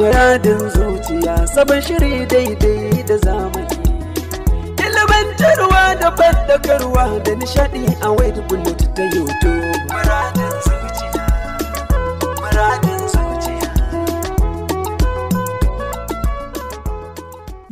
Muradin zuciya sabon shiri daidai da zamani. Ilimantarwa da faddakarwa da nishadi a wade bullet ta YouTube. Muradin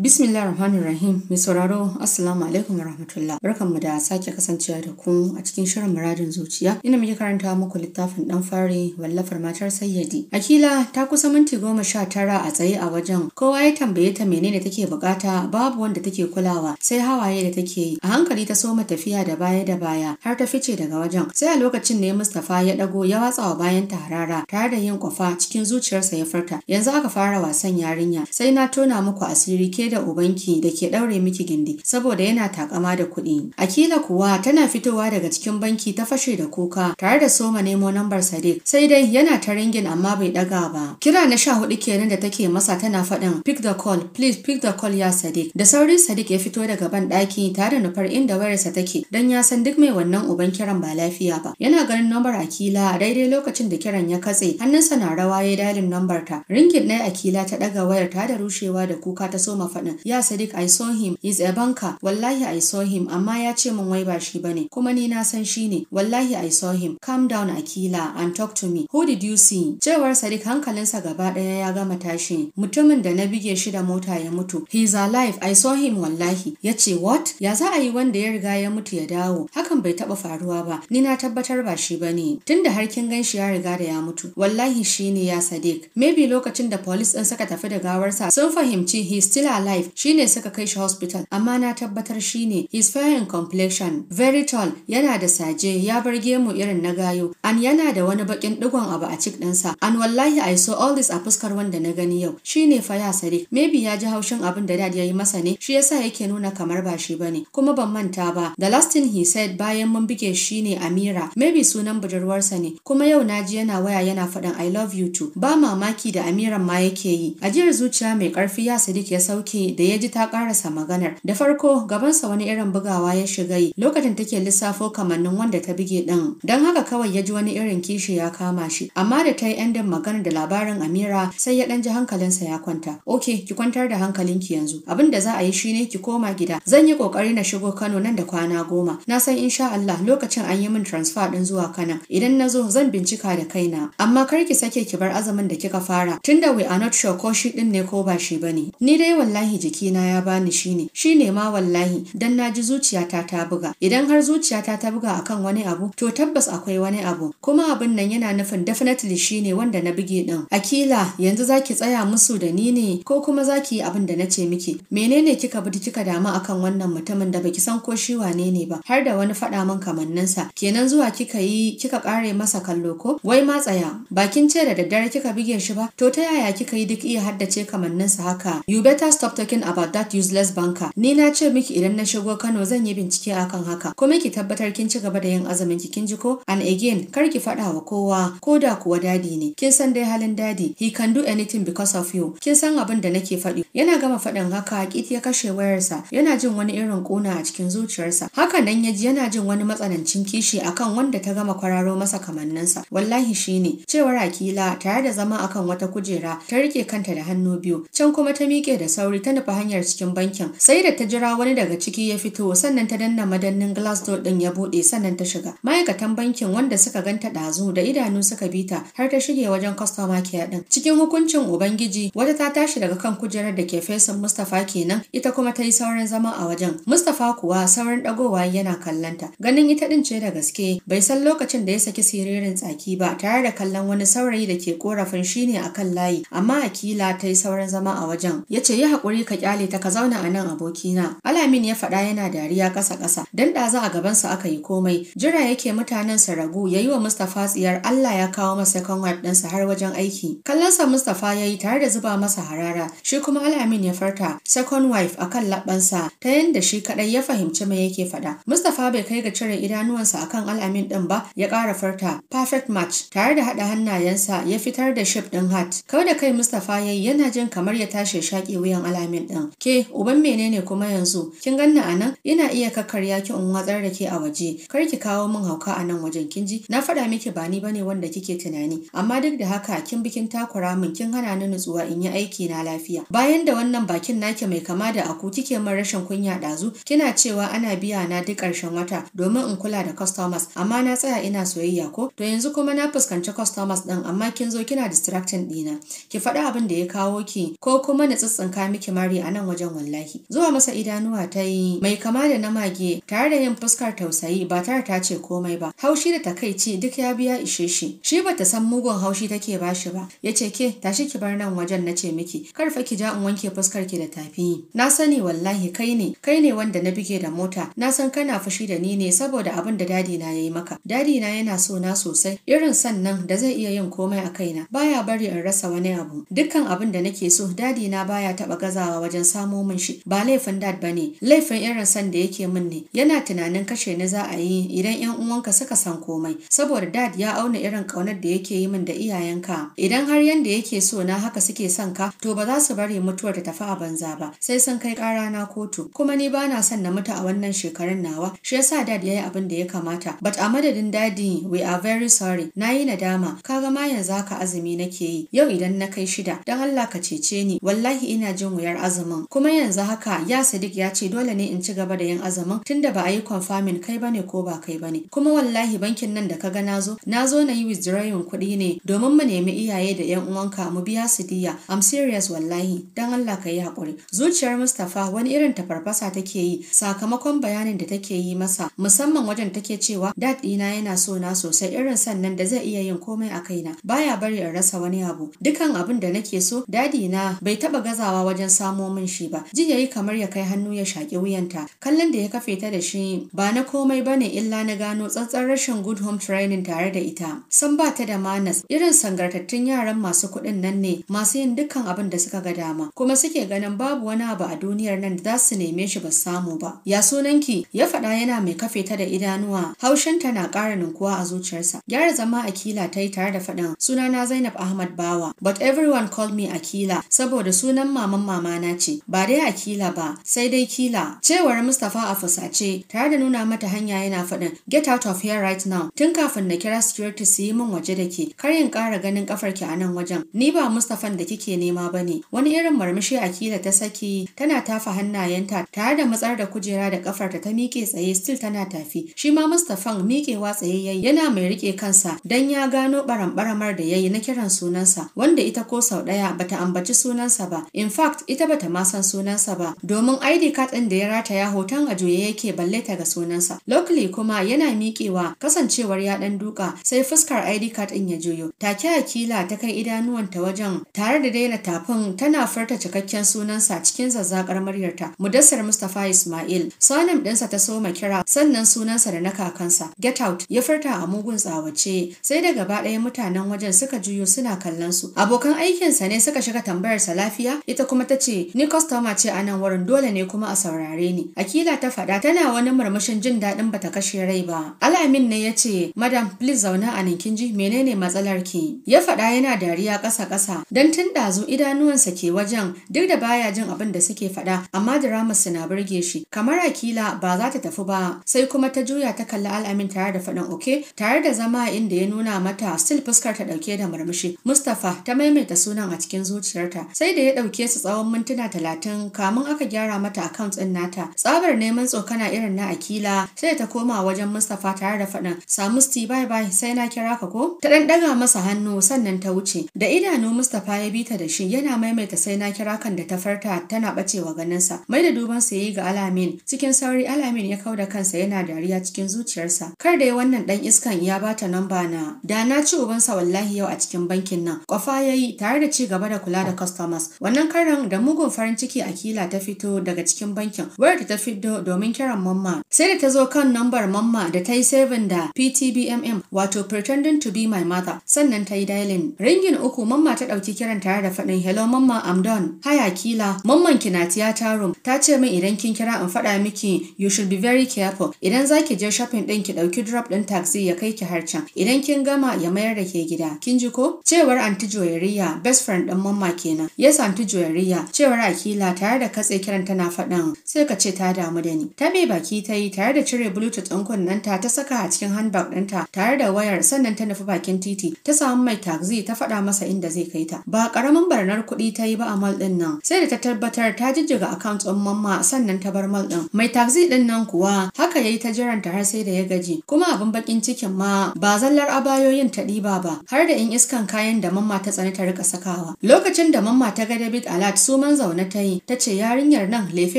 Bismillah ar Rahim, mai sauraro Assalamu alaikum wa rahmatullah. Barkanmu da sake kasancewa da ku a cikin shirin muradin zuciya. Ina muke karanta muku littafin dan fari wallafar matar Sayyadi. Akila ta kusa minti goma sha tara a tsaye a wajen. Kowa ya tambaye ta menene take bukata, babu wanda take kulawa, sai hawaye da take yi. A hankali ta soma tafiya da baya da baya har ta fice daga wajen. Sai a lokacin ne Mustapha ya dago ya watsa wa bayan ta harara tare da yin kwafa cikin zuciyarsa ya furta. Yanzu aka fara wasan yarinya. Sai na tona muku asiri ke da ubanki da ke daure miki gindi saboda yana takama da kuɗi. Akila kuwa tana fitowa daga cikin banki ta fashe da kuka tare da soma nemo nambar Sadiq sai dai yana ta ringin amma bai daga ba. Kira na sha hudu kenan da take masa tana faɗin pick the call please pick the call ya Sadiq. Da sauri Sadiq ya fito daga ban ɗaki tare da nufar inda wayarsa take don ya san duk mai wannan uban kiran ba lafiya ba. Yana ganin nambar Akila a daidai lokacin da kiran ya katse hannunsa na rawa ya dalin nambar ta. Ringin ɗaya Akila ta daga wayar ta da rushewa da kuka ta soma faɗin ya sadiq i saw him is a banker wallahi i saw him amma ya ce min wai ba shi bane kuma ni na san shi ne wallahi i saw him calm down akila and talk to me who did you see cewar sadiq hankalinsa gaba ɗaya ya gama tashi mutumin da na bige shi da mota ya mutu he is alive i saw him wallahi ya ce what ya za a yi wanda ya riga ya mutu ya dawo hakan bai taɓa faruwa ba ni na tabbatar ba shi bane tunda har kin gan shi ya riga da ya mutu wallahi shi ne ya sadiq maybe lokacin da police din suka tafi da gawarsa sun fahimci he still alive shi ne suka kai shi hospital amma na tabbatar shine ne fair in complexion very tall yana da saje ya bar gemu irin na gayo an yana da wani bakin digon abu a cik ɗinsa an wallahi I saw all this a fuskar wanda na gani yau shine fa ya sare maybe ya ji haushin abin da dad ya yi masa ne shi yasa yake nuna kamar ba shi bane kuma ban manta ba the last thing he said bayan mun bige shine Amira maybe sunan budurwarsa ne kuma yau naji yana waya yana faɗin I love you too ba mamaki da Amiran ma yake yi ajiyar zuciya mai ƙarfi ya Sadiq ya sauke Fati da ya ji ta karasa maganar. Da farko gabansa wani irin bugawa ya shiga yi lokacin take lissafo kamannin wanda ta bige ɗin. Don haka kawai ya ji wani irin kishi ya kama shi. Amma da ta yi ɗan maganar da labarin Amira sai ya ɗan ji hankalinsa ya kwanta. Ok, ki kwantar da hankalinki yanzu. Abin da za a yi shine ki koma gida. Zan yi ƙoƙari na shigo Kano nan da kwana goma. Na san insha Allah lokacin an yi min transfer ɗin zuwa Kano. Idan na zo zan bincika da kaina. Amma kar ki sake ki bar azumin da kika fara. Tunda we are not sure ko shi ɗin ne ko ba shi bane. Ni dai wallahi wallahi jikina ya bani shine shine ma wallahi dan naji zuciyata ta buga idan har zuciyata ta buga akan wani abu to tabbas akwai wani abu kuma abin nan yana nufin definitely shine wanda na buge din akila yanzu zaki tsaya musu da ni ne ko kuma zaki yi abin da na ce miki menene kika bi kika damu akan wannan mutumin da baki san ko shi wane ne ba har da wani faɗa min kamanninsa kenan zuwa kika yi kika kare masa kallo ko wai ma tsaya bakin ce da daddare kika buge shi ba to ta yaya kika yi duk iya haddace kamanninsa haka you better stop talking about that useless banker ni na ce miki idan na shigo Kano zan yi bincike akan haka kuma ki tabbatar kin ci gaba da yin azumin ki kin ji ko and again kar ki faɗa wa kowa ko da kuwa dadi ne kin san dai halin dadi he can do anything because of you kin san abin da nake faɗi yana gama faɗin haka kit ya kashe wayarsa yana jin wani irin ƙuna a cikin zuciyarsa haka nan ya ji yana jin wani matsanancin kishi akan wanda ta gama kwararo masa kamanninsa wallahi shine cewar akila tare da zama akan wata kujera ta rike kanta da hannu biyu can kuma ta miƙe da sauri ta nufi hanyar cikin bankin sai da ta jira wani daga ciki ya fito sannan ta danna madannin glass door din ya bude sannan ta shiga ma'aikatan bankin wanda suka ganta ɗazu da idanu suka bita har ta shige wajen customer care din cikin hukuncin ubangiji wata ta tashi daga kan kujerar da ke fesin Mustapha kenan ita kuma ta yi sauran zama a wajen Mustapha kuwa sauran dagowa yana kallanta ganin ita din ce da gaske bai san lokacin da ya saki siririn tsaki ba tare da kallon wani saurayi da ke korafin shine akan layi amma akila ta yi sauran zama a wajen ya ce yi haƙuri hakuri ka kyale ta ka zauna a nan abokina. Alamin ya faɗa yana dariya ƙasa ƙasa dan ɗaza a gabansa aka yi komai. Jira yake mutanen sa ragu ya yi wa Mustapha tsiyar Allah ya kawo masa kanwar ɗinsa har wajen aiki. Kallon sa Mustapha ya yi tare da zuba masa harara shi kuma Alamin ya farta second wife akan laɓansa ta yadda shi kaɗai ya fahimci me yake faɗa. Mustapha bai kai ga cire idanuwansa akan Alamin ɗin ba ya ƙara farta perfect match tare da haɗa hannayensa ya fitar da ship ɗin hat. Kau da kai Mustapha ya yi yana jin kamar ya tashi shaƙe wuyan Alamin. min ɗin. Ke, uban menene kuma yanzu? Kin ganna a nan? Ina iya kakkarya ki in watsar da ke a waje. Kar ki kawo min hauka a nan wajen kin ji. Na faɗa miki ba ni bane wanda kike tunani. Amma duk da haka kin bikin takura min kin hana ni nutsuwa in yi aiki na lafiya. Bayan da wannan bakin naki mai kama da aku kike min rashin kunya ɗazu, kina cewa ana biya na duk ƙarshen wata domin in kula da customers amma na tsaya ina soyayya ko to yanzu kuma na fuskanci customers ɗin amma kin zo kina distracting ɗina. Ki faɗa abin da ya kawo ki ko kuma na tsitsinka miki miki mari a nan wajen wallahi zuwa masa idanuwa ta yi mai kama da na mage tare da yin fuskar tausayi ba tare ta ce komai ba haushi da takaici duk ya biya ishe shi shi ba ta san mugun haushi take ba shi ba ya ce ke tashi ki bar nan wajen na ce miki kar fa ki ja in wanke fuskar ki da tafi na sani wallahi kai ne kai ne wanda na bige da mota na san kana fushi da ni ne saboda abin da dadi na yayi maka dadi na yana so na sosai irin sannan da zai iya yin komai a kaina baya bari in rasa wani abu dukkan abin da nake so dadi na baya taba gaza gazawa wajen samo min shi ba laifin dad ba ne laifin irin san da yake min ne yana tunanin kashe ni za a yi idan yan uwanka suka san komai saboda dad ya auna irin kaunar da yake yi min da iyayenka idan har yanda yake so na haka suke son ka to ba za su bari mutuwar ta tafi a banza ba sai sun kai kara na kotu kuma ni ba na son na mutu a wannan shekarun nawa shi yasa dad ya yi abin da ya kamata but a madadin dadi we are very sorry na yi nadama kaga ma yanzu haka azumi nake yi yau idan na kai shida dan Allah ka cece ni wallahi ina jin wuya yar azumin kuma yanzu haka ya sadiq ya ce dole ne in ci gaba da yin azumin tunda ba a yi confirmin kai bane ko ba kai bane kuma wallahi bankin nan da ka ga nazo nazo na yi withdrawing kuɗi ne domin mu nemi iyaye da yan uwanka mu biya su diya i'm serious wallahi dan Allah ka yi hakuri zuciyar Mustapha wani irin tafarfasa take yi sakamakon bayanin da take yi masa musamman wajen take cewa dad ɗina yana so na sosai irin sannan da zai iya yin komai a kaina baya bari in rasa wani abu dukan abin da nake so dadi na bai taba gazawa wajen samo min shi ba ji yayi kamar ya kai hannu ya shaƙi wuyanta kallon da ya kafe ta da shi ba na komai bane illa na gano tsantsan rashin good home training tare da ita san ba ta da manas irin sangartattun yaran masu kuɗin nan ne masu yin dukkan abin da suka ga dama kuma suke ganin babu wani abu a duniyar nan da za su neme shi ba samu ba ya sunanki ya faɗa yana mai kafe ta da idanuwa haushin ta na ƙara ninkuwa a zuciyarsa gyara zama akila ta yi tare da faɗin sunana zainab ahmad bawa but everyone called me akila saboda sunan maman mama amana ce ba dai a kila ba sai dai kila cewar Mustapha a fusace tare da nuna mata hanya yana faɗin get out of here right now tun kafin na kira security su yi min waje da ke kar in ƙara ganin kafar ki a nan wajen ni ba Mustapha da kike nema ba ne wani irin marmishi akila ta saki tana tafa hannayenta tare da matsar da kujera da ƙafarta ta miƙe tsaye still tana tafi shi ma Mustapha miƙewa tsaye yayi yana mai riƙe kansa dan ya gano baramar da yayi na kiran sunansa wanda ita ko sau ɗaya bata ambaci sunansa ba in fact ita ba ma san sunansa ba domin ID card ɗin da ya rataya hoton a juye yake balle ta ga sunansa. Locally kuma yana miƙewa kasancewar ya ɗan duka sai fuskar ID card ɗin ya juyo. Take Akila ta kai idanuwanta wajen tare da daina tafin tana furta cikakken sunansa cikin zazzakar muryarta. Mudassar Mustapha Ismail sanin dinsa ta soma kira sannan sunansa da na kakansa. Get out ya furta a mugun tsawace sai da gaba ɗaya mutanen wajen suka juyo suna kallon su. Abokan aikinsa ne suka shiga tambayarsa lafiya ita kuma ta ta ce ni kwastoma ce a nan wurin dole ne kuma a saurare ni. Akila ta faɗa tana wani murmushin jin daɗin bata kashe rai ba. Alamin ne ya ce madam please zauna a nan kin ji menene matsalar ki? Ya faɗa yana dariya ƙasa ƙasa don tun ɗazu idanuwansa ke wajen duk da baya jin abin da suke faɗa amma su na burge shi kamar akila ba za ta tafi ba sai kuma ta juya ta kalli al'amin tare da faɗin oke tare da zama inda ya nuna mata still fuskar ta ɗauke da murmushi mustapha ta maimaita sunan a cikin zuciyarta sai da ya ɗauke su tsawon tsawon mintuna talatin kamun aka gyara mata akaunt ɗin nata tsabar neman tsokana irin na akila sai ta koma wajen mustapha tare da faɗin samu sti bye bye sai na kira ka ko ta ɗan masa hannu sannan ta wuce da idanu mustapha ya bi ta da shi yana maimaita sai na kira kan da ta farta tana ɓacewa ganinsa mai da duban sa yi ga alamin cikin sauri alamin ya kauda kansa yana dariya cikin zuciyarsa kar dai wannan ɗan iskan ya bata namba na da na ci ubansa wallahi yau a cikin bankin nan kwafa yi, tare da ci gaba da kula da customers wannan karan da da mugun farin ciki akila ta fito daga cikin bankin wayar ta fito domin kiran mamma sai da ta zo kan nambar mamma da ta yi saving da ptbmm wato pretending to be my mother sannan ta yi dialing ringin uku mamma ta ɗauki kiran tare da faɗin hello mamma i'm done hi akila mamman ki na tiyata room ta ce min idan kin kira in faɗa miki you should be very careful idan za ki je shopping ɗin ki ɗauki drop ɗin taxi ya kai ki harcan idan kin gama ya mayar da ke gida kin ji ko cewar anti joyariya best friend ɗin mamma kenan yes anti joyariya cewar akila tare da katse kiran tana faɗin sai ka ce ta damu da ni ta mai baki ta yi tare da cire bluetooth ɗin kunnenta ta ta saka a cikin handbag ɗinta tare da wayar sannan ta nufi bakin titi ta samu mai taxi ta faɗa masa inda zai kai ta ba ƙaramin barnar kuɗi ta yi ba a mal ɗin nan sai da ta tabbatar ta jijjiga account ɗin mamma sannan ta bar mal ɗin mai taxi ɗin nan kuwa haka yayi ta jiran ta har sai da ya gaji kuma abin bakin cikin ma ba zallar abayoyin ta ɗiba ba har da in iskan kayan da mamma ta tsani ta rika sakawa lokacin da mamma ta ga debit alert su man zaune ta yi ta ce yarinyar nan lefe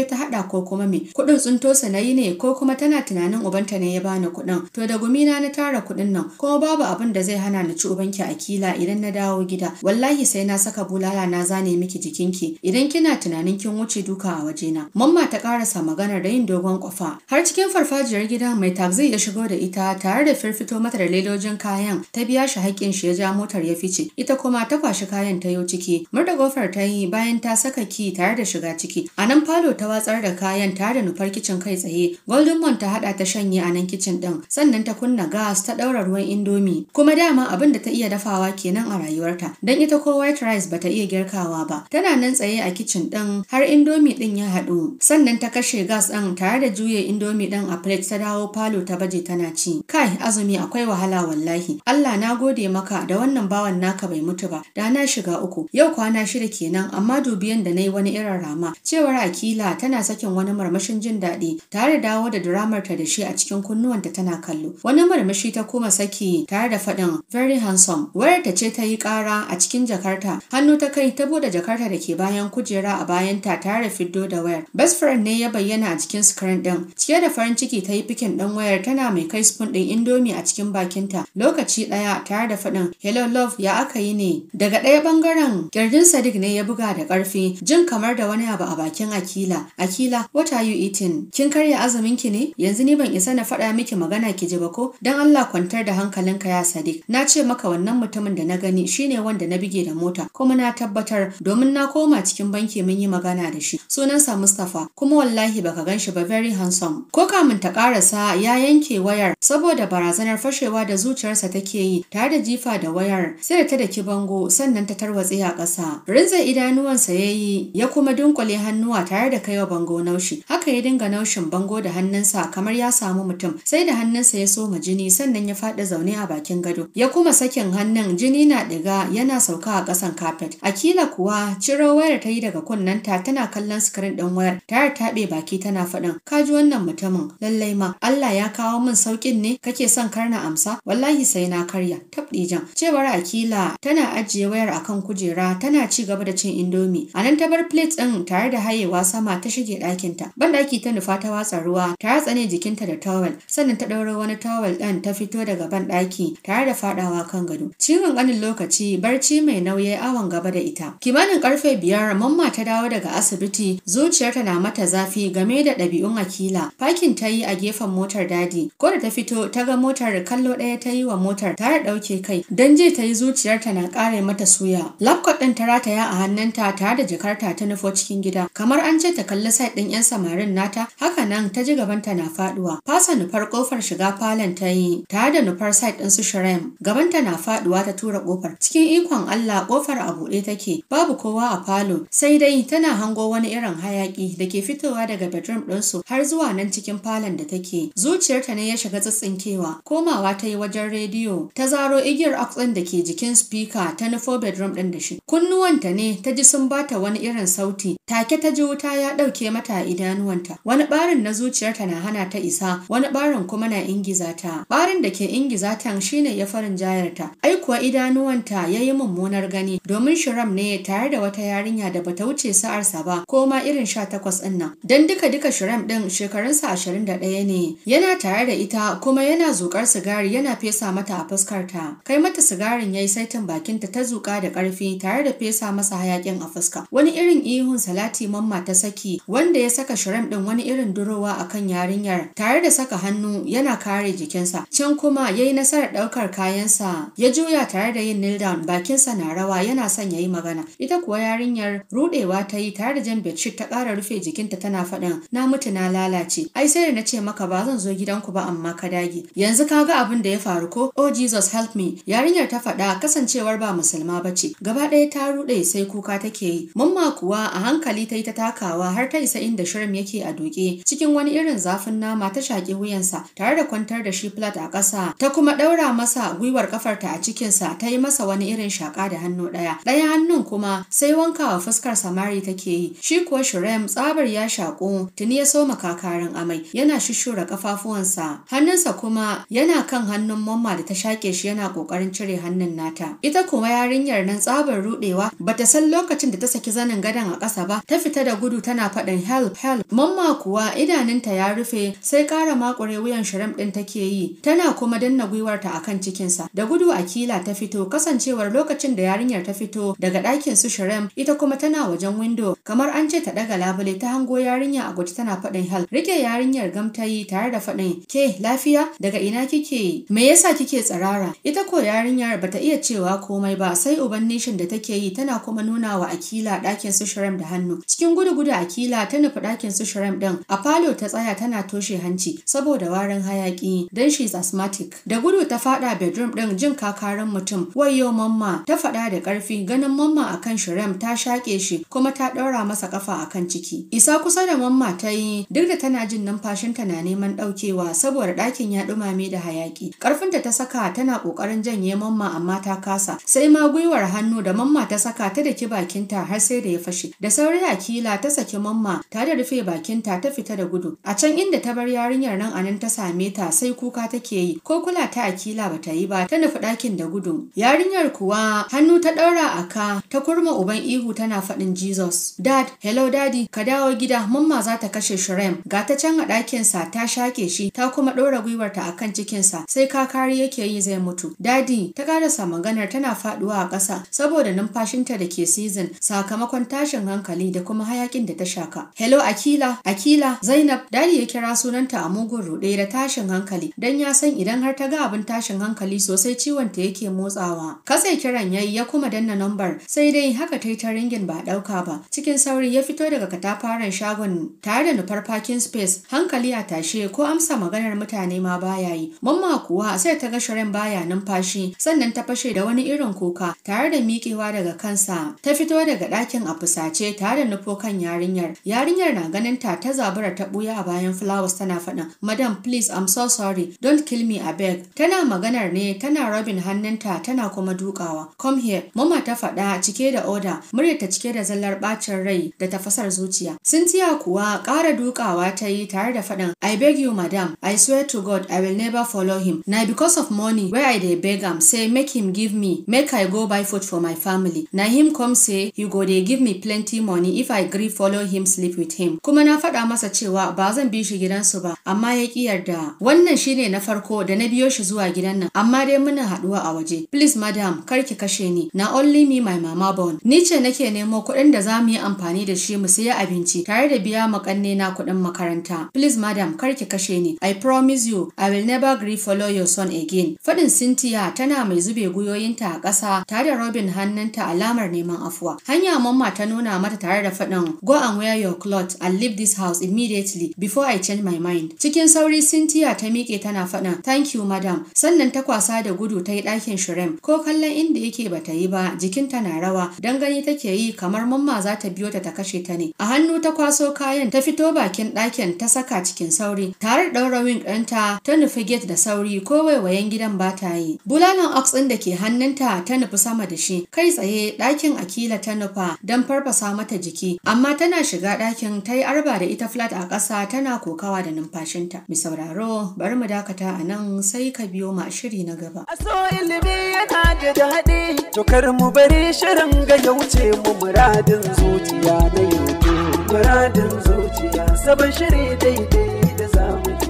ta hada ko kuma me kuɗin na yi ne ko kuma tana tunanin ubanta ne ya bani kudin to da gumina na tara kudin nan kuma babu abin da zai hana ni ci ubanki a kila idan na dawo gida wallahi sai na saka bulala na zane miki jikinki idan kina tunanin kin wuce duka a waje na. mamma ta karasa maganar da yin dogon kwafa har cikin farfajiyar gida mai tagzi ya shigo da ita tare da firfito mata da ledojin kayan ta biya shi haƙƙin shi ya ja motar ya fice ita kuma ta kwashi kayan ta yau ciki murda gofar ta yi bayan ta sa saka ki tare da shiga ciki. A nan falo ta watsar da kayan tare da nufar kicin kai tsaye. Golden Mon ta haɗa ta shanye a nan kicin ɗin. Sannan ta kunna gas ta ɗaura ruwan indomi. Kuma dama abin da ta iya dafawa kenan a rayuwarta. dan ita ko white rice bata iya girkawa ba. Tana nan tsaye a kicin ɗin har indomi din ya haɗu. Sannan ta kashe gas ɗin tare da juye indomi ɗin a plate ta dawo falo ta baje tana ci. Kai azumi akwai wahala wallahi. Allah na gode maka da wannan bawan naka bai mutu ba. Da na shiga uku. Yau kwana shida kenan amma dubiyan yayin da na yi wani irin rama cewar akila tana sakin wani marmashin jin daɗi tare da dawo da diramarta da shi a cikin kunnuwanta tana kallo wani marmashi ta koma saki tare da faɗin very handsome wayar ta ce ta yi ƙara a cikin jakarta hannu ta kai ta buɗe jakarta da ke bayan kujera a bayanta tare da fiddo da wayar best friend ne ya bayyana a cikin screen ɗin cike da farin ciki ta yi fikin ɗan wayar tana mai kai spoon ɗin indomie a cikin bakinta lokaci ɗaya tare da faɗin hello love ya aka yi ne daga ɗaya ɓangaren ƙirjin sadiq ne ya buga da ƙarfi jin kamar da wani abu a bakin Akila. Akila, what are you eating? Kin karya azumin ki ne? Yanzu ni ban isa na faɗa miki magana ki ji ba ko? Dan Allah kwantar da hankalinka ya Sadiq. Na ce maka wannan mutumin da na gani shine wanda na bige da mota kuma na tabbatar domin na koma cikin banki mun yi magana da shi. Sunansa Mustapha kuma wallahi baka gan shi ba very handsome. Ko kamun ta karasa ya yanke wayar saboda barazanar fashewa da zuciyarsa take yi tare da jifa da wayar sai ta daki bango sannan ta tarwatse a ƙasa. Rinza idanuwansa ya ya ya kuma dunkule hannuwa tare da kaiwa bango naushi haka ya dinga naushin bango da hannunsa kamar ya samu mutum sai da hannunsa ya soma jini sannan ya faɗi zaune a bakin gado ya kuma sakin hannun jini na ɗiga yana sauka a ƙasan kafet akila kuwa ciro wayar ta yi daga kunnanta tana kallon sikirin ɗin wayar tare taɓe baki tana faɗin ka ji wannan mutumin lallai ma Allah ya kawo min sauƙin ne kake son karna amsa wallahi sai na karya tabɗijan cewar akila tana ajiye wayar akan kujera tana ci gaba da cin indomi A nan ta bar plate ɗin tare da hayewa sama ta shige ɗakinta. Banɗaki ta nufa ta watsa ruwa, ta ratsa ne jikinta da towel, sannan ta ɗauro wani towel ɗin ta fito daga banɗaki tare da faɗawa kan gado. Ciwon ƙanin lokaci barci mai nauyi awon gaba da ita. Kimanin ƙarfe biyar mamma ta dawo daga asibiti zuciyarta na mata zafi game da ɗabi'un akila. Fakin ta yi a gefen motar dadi. Ko da ta fito ta ga motar kallo ɗaya ta yi wa motar tare ɗauke kai. Dan je ta yi zuciyarta na ƙare mata suya. Lapkot ɗin ta rataya a hannunta tare da jakarta ta nufo cikin gida kamar an ce ta kalli site ɗin 'yan samarin nata haka nan ta ji gabanta na faduwa. fasa nufar kofar shiga falon ta yi tare da nufar site ɗin su shirem gabanta na faduwa ta tura kofar cikin ikon Allah kofar a buɗe take babu kowa a falo sai dai tana hango wani irin hayaki da ke fitowa daga bedroom ɗinsu har zuwa nan cikin falon da take zuciyarta ne ya shiga tsitsinkewa komawa ta yi wajen rediyo ta zaro igiyar ox din da ke jikin speaker ta nufo bedroom ɗin da shi kunnuwanta ne ta ji sun bata wani irin sauti take ta ji wuta ya ɗauke mata a idanuwanta wani ɓarin na zuciyarta na hana ta isa wani ɓarin kuma na ingiza ta ɓarin da ke ingiza ta shine ya farin jayarta ai kuwa idanuwanta ya yi mummunar gani domin shiram ne tare da wata yarinya da bata wuce sa'arsa ba ko ma irin sha takwas ɗin nan dan duka duka shiram ɗin shekarunsa ashirin da ɗaya ne yana tare da ita kuma yana zuƙar sigari yana fesa mata a fuskarta kai mata sigarin yayi saitin bakinta ta zuƙa da ƙarfi tare da fesa masa hayaƙin a fuska wani irin ihun salati mamma ta saki wanda ya saka shiram din wani irin durowa akan yarinyar tare da saka hannu yana kare jikinsa can kuma ya yi nasarar ɗaukar kayansa ya juya tare da yin nil down bakinsa na rawa yana son ya yi magana ita kuwa yarinyar rudewa ta yi tare da jan bedsheet ta kara rufe jikinta tana faɗin na mutu na lalace ai sai da na ce maka ba zan zo gidanku ba amma ka dage yanzu ka ga abin da ya faru ko oh jesus help me yarinyar ta faɗa kasancewar ba musulma ba ce gaba ɗaya ta rude sai kuka take yi Mamma kuwa a hankali ta yi ta takawa har ta isa inda shirin yake a duke cikin wani irin zafin nama ta shaƙi wuyansa tare da kwantar da shi flat a ƙasa ta kuma ɗaura masa gwiwar ƙafarta a cikinsa ta yi masa wani irin shaƙa da hannu ɗaya. Ɗaya hannun kuma sai wanka wa fuskar samari take yi. Shi kuwa Shirem tsabar ya shaƙo tuni ya soma kakarin amai yana shishura ƙafafuwansa hannunsa kuma yana kan hannun mamma da ta shaƙe shi yana ƙoƙarin cire hannun nata. Ita kuma yarinyar nan tsabar ruɗewa bata san lokacin da ta saki ɗauki zanin gadon a ƙasa ba ta fita da gudu tana faɗin help help mamma kuwa idanunta ya rufe sai ƙara makure wuyan shirim ɗin take yi tana kuma danna gwiwarta akan cikinsa da gudu a kila ta fito kasancewar lokacin da yarinyar ta fito daga ɗakin su shirim ita kuma tana wajen windo kamar an ce ta ɗaga labule ta hango yarinya a guji tana faɗin help rike yarinyar gamtayi tare da faɗin ke lafiya daga ina kike me yasa kike tsirara ita ko yarinyar bata iya cewa komai ba sai uban nishin da take yi tana kuma nuna wa akila a ɗakin su shiram da hannu. Cikin gudu-gudu a kila ta nufi ɗakin su shiram ɗin. A falo ta tsaya tana toshe hanci saboda warin hayaƙi dan shi asthmatic. Da gudu ta faɗa bedroom ɗin jin kakarin mutum. yau, mamma ta faɗa da ƙarfi ganin mamma a kan shiram ta shaƙe shi kuma ta ɗaura masa ƙafa akan ciki. Isa kusa da mamma ta yi duk da tana jin numfashinta na neman ɗaukewa saboda ɗakin ya ɗumame da hayaƙi. Ƙarfinta ta saka tana ƙoƙarin janye mamma amma ta kasa. Sai ma gwiwar hannu da mamma ta saka ta daki bakinta har sai da ya fashe. Da sauri Akila ta saki mamma Ta da rufe bakinta ta fita da gudu. A can inda ta bar yarinyar nan anan ta same ta sai kuka take yi. Ko kula ta Akila ta yi ba ta nufi ɗakin da gudu. Yarinyar kuwa hannu ta ɗaura a ka ta kurma uban ihu tana faɗin Jesus. Dad, hello daddy, ka dawo gida mamma za ta kashe Shirem. Ga ta can a ɗakinsa ta shake shi ta kuma ɗora gwiwarta a kan cikinsa sai kakari yake yi zai mutu. Daddy ta karasa maganar tana faɗuwa a ƙasa saboda numfashinta da ke season sa sakamakon tashin hankali da kuma hayakin da ta shaka. Hello Akila, Akila, Zainab, dadi ya kira sunanta a mugun ruɗe da tashin hankali don ya san idan har ta ga abin tashin hankali sosai ciwon ta yake motsawa. Kasai kiran yayi ya kuma danna nambar sai dai haka ta yi ta ringin ba ɗauka ba. Cikin sauri ya fito daga katafaren shagon tare da nufar parking space hankali a tashe ko amsa maganar mutane ma baya yi. Mamma kuwa sai ta ga shirin baya numfashi sannan ta fashe da wani irin kuka tare da miƙewa daga kansa. Ta fito daga ɗakin a fusace tare da nufo kan yarinyar. Yarinyar na ganin ta ta zabura ta ɓuya a bayan flowers tana faɗin madam please I'm so sorry don't kill me abeg. Tana maganar ne tana rabin hannunta tana kuma dukawa. Come here mama ta faɗa cike da oda murya ta cike da zallar ɓacin rai da tafasar zuciya. Cynthia kuwa ƙara dukawa ta yi tare da faɗin I beg you madam I swear to God I will never follow him. Na because of money where I dey beg am say make him give me make I go buy food for my family. Na him come say he go dey give me plenty money if I gree follow him sleep with him. Kuma na faɗa masa cewa ba zan bi shi gidansu ba, amma ya ƙi yarda. Wannan shi ne na farko da na biyo shi zuwa gidan nan, amma dai muna haɗuwa a waje. Please madam, kar ki kashe ni. Na only me my mama born. Ni ce nake nemo kuɗin da za mu yi amfani da shi mu siya abinci tare da biya ƙanne na kuɗin makaranta. Please madam, kar ki kashe ni. I promise you, I will never gree follow your son again. Faɗin Cynthia tana mai zube gwiwoyinta a ƙasa tare da Robin hannunta alamar neman afuwa. Hanya haka mamma ta nuna mata tare da faɗin go and wear your cloth and leave this house immediately before I change my mind. Cikin sauri Cynthia ta miƙe tana faɗin thank you madam sannan ta kwasa da gudu ta yi ɗakin Shirem ko kallon inda yake bata yi ba jikin ta na rawa don gani take yi kamar mamma za ta biyo ta ta kashe ta ne. A hannu ta kwaso kayan ta fito bakin ɗakin ta saka cikin sauri tare da ɗaurawin ɗanta ta nufi gate da sauri ko waiwayen gidan ba ta yi. Bulalan ox ɗin da ke hannunta ta nufi sama da shi kai tsaye ɗakin Akila ta nufa don farfasa mata jiki amma tana shiga ɗakin ta yi arba da ita flat a ƙasa tana kokawa da numfashinta. Mi sauraro bari mu dakata a nan sai ka biyo ma shiri na gaba. Aso ilimi yana da daɗi to kar mu bari shirin ga yauce mu muradin zuciya da yauke muradin zuciya sabon shiri daidai da zamani.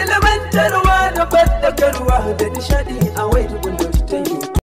Ilimantarwa da fadakarwa da nishaɗi a wai